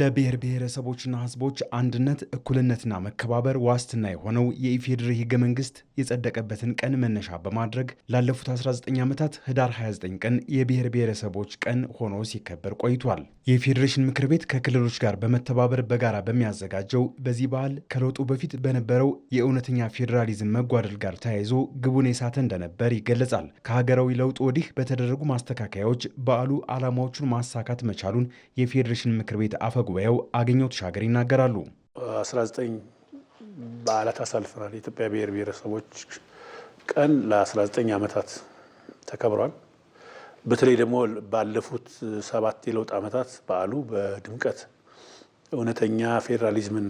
ለብሔር ብሔረሰቦችና ህዝቦች አንድነት እኩልነትና መከባበር ዋስትና የሆነው የኢፌዴሪ ህገ መንግስት የጸደቀበትን ቀን መነሻ በማድረግ ላለፉት 19 ዓመታት ህዳር 29 ቀን የብሔር ብሔረሰቦች ቀን ሆኖ ሲከበር ቆይቷል። የፌዴሬሽን ምክር ቤት ከክልሎች ጋር በመተባበር በጋራ በሚያዘጋጀው በዚህ በዓል ከለውጡ በፊት በነበረው የእውነተኛ ፌዴራሊዝም መጓደል ጋር ተያይዞ ግቡን የሳተ እንደነበር ይገለጻል። ከሀገራዊ ለውጥ ወዲህ በተደረጉ ማስተካከያዎች በዓሉ ዓላማዎቹን ማሳካት መቻሉን የፌዴሬሽን ምክር ቤት አፈ በጉባኤው አገኘው ተሻገር ይናገራሉ። 19 በዓላት አሳልፈናል። የኢትዮጵያ ብሔር ብሔረሰቦች ቀን ለ19 ዓመታት ተከብሯል። በተለይ ደግሞ ባለፉት ሰባት የለውጥ ዓመታት በዓሉ በድምቀት እውነተኛ ፌዴራሊዝምን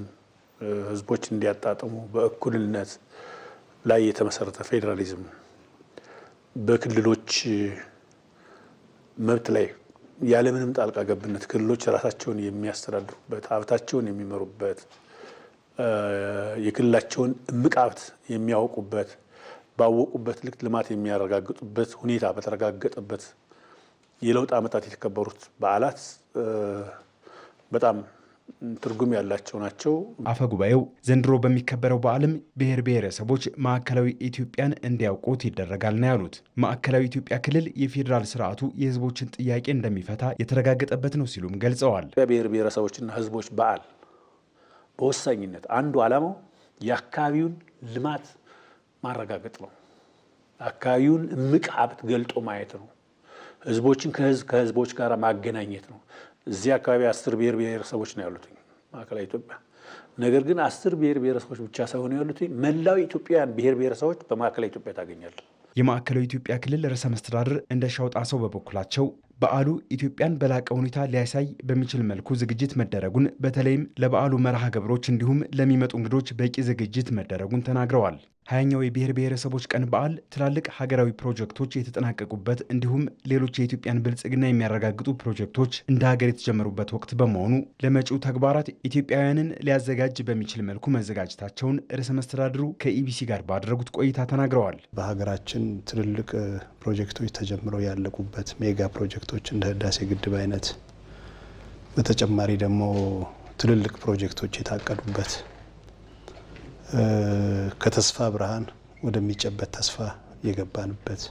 ህዝቦች እንዲያጣጥሙ በእኩልነት ላይ የተመሰረተ ፌዴራሊዝም በክልሎች መብት ላይ ያለምንም ጣልቃ ገብነት ክልሎች ራሳቸውን የሚያስተዳድሩበት ሀብታቸውን የሚመሩበት የክልላቸውን እምቅ ሀብት የሚያውቁበት ባወቁበት ልክ ልማት የሚያረጋግጡበት ሁኔታ በተረጋገጠበት የለውጥ ዓመታት የተከበሩት በዓላት በጣም ትርጉም ያላቸው ናቸው። አፈ ጉባኤው ዘንድሮ በሚከበረው በዓልም ብሔር ብሔረሰቦች ማዕከላዊ ኢትዮጵያን እንዲያውቁት ይደረጋል ነው ያሉት። ማዕከላዊ ኢትዮጵያ ክልል የፌዴራል ስርዓቱ የህዝቦችን ጥያቄ እንደሚፈታ የተረጋገጠበት ነው ሲሉም ገልጸዋል። ብሔር ብሔረሰቦችና ህዝቦች በዓል በወሳኝነት አንዱ ዓላማው የአካባቢውን ልማት ማረጋገጥ ነው። አካባቢውን እምቅ ሀብት ገልጦ ማየት ነው። ህዝቦችን ከህዝብ ከህዝቦች ጋር ማገናኘት ነው። እዚህ አካባቢ አስር ብሔር ብሔረሰቦች ነው ያሉት ማዕከላዊ ኢትዮጵያ። ነገር ግን አስር ብሔር ብሔረሰቦች ብቻ ሳይሆኑ ያሉት መላው ኢትዮጵያውያን ብሔር ብሔረሰቦች በማዕከላዊ ኢትዮጵያ ታገኛለ። የማዕከላዊ ኢትዮጵያ ክልል ርዕሰ መስተዳድር እንደሻው ጣሰው በበኩላቸው በዓሉ ኢትዮጵያን በላቀ ሁኔታ ሊያሳይ በሚችል መልኩ ዝግጅት መደረጉን በተለይም ለበዓሉ መርሃ ግብሮች እንዲሁም ለሚመጡ እንግዶች በቂ ዝግጅት መደረጉን ተናግረዋል። ሀያኛው የብሔር ብሔረሰቦች ቀን በዓል ትላልቅ ሀገራዊ ፕሮጀክቶች የተጠናቀቁበት እንዲሁም ሌሎች የኢትዮጵያን ብልጽግና የሚያረጋግጡ ፕሮጀክቶች እንደ ሀገር የተጀመሩበት ወቅት በመሆኑ ለመጪው ተግባራት ኢትዮጵያውያንን ሊያዘጋጅ በሚችል መልኩ መዘጋጀታቸውን ርዕሰ መስተዳድሩ ከኢቢሲ ጋር ባደረጉት ቆይታ ተናግረዋል። በሀገራችን ትልልቅ ፕሮጀክቶች ተጀምረው ያለቁበት ሜጋ ፕሮጀክቶች እንደ ህዳሴ ግድብ አይነት በተጨማሪ ደግሞ ትልልቅ ፕሮጀክቶች የታቀዱበት ከተስፋ ብርሃን ወደሚጨበት ተስፋ የገባንበት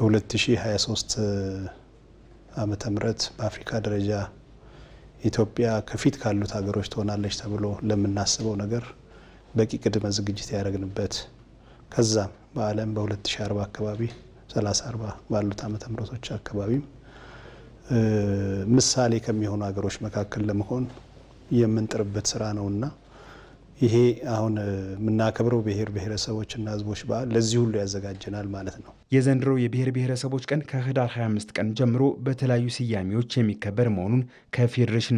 በ2023 ዓመተ ምህረት በአፍሪካ ደረጃ ኢትዮጵያ ከፊት ካሉት ሀገሮች ትሆናለች ተብሎ ለምናስበው ነገር በቂ ቅድመ ዝግጅት ያደረግንበት ከዛም በዓለም በ2040 አካባቢ 3040 ባሉት ዓመተ ምህረቶች አካባቢም ምሳሌ ከሚሆኑ ሀገሮች መካከል ለመሆን የምንጥርበት ስራ ነውና ይሄ አሁን የምናከብረው ብሔር ብሔረሰቦችና ህዝቦች በዓል ለዚህ ሁሉ ያዘጋጀናል ማለት ነው። የዘንድሮው የብሔር ብሔረሰቦች ቀን ከህዳር 25 ቀን ጀምሮ በተለያዩ ስያሜዎች የሚከበር መሆኑን ከፌዴሬሽን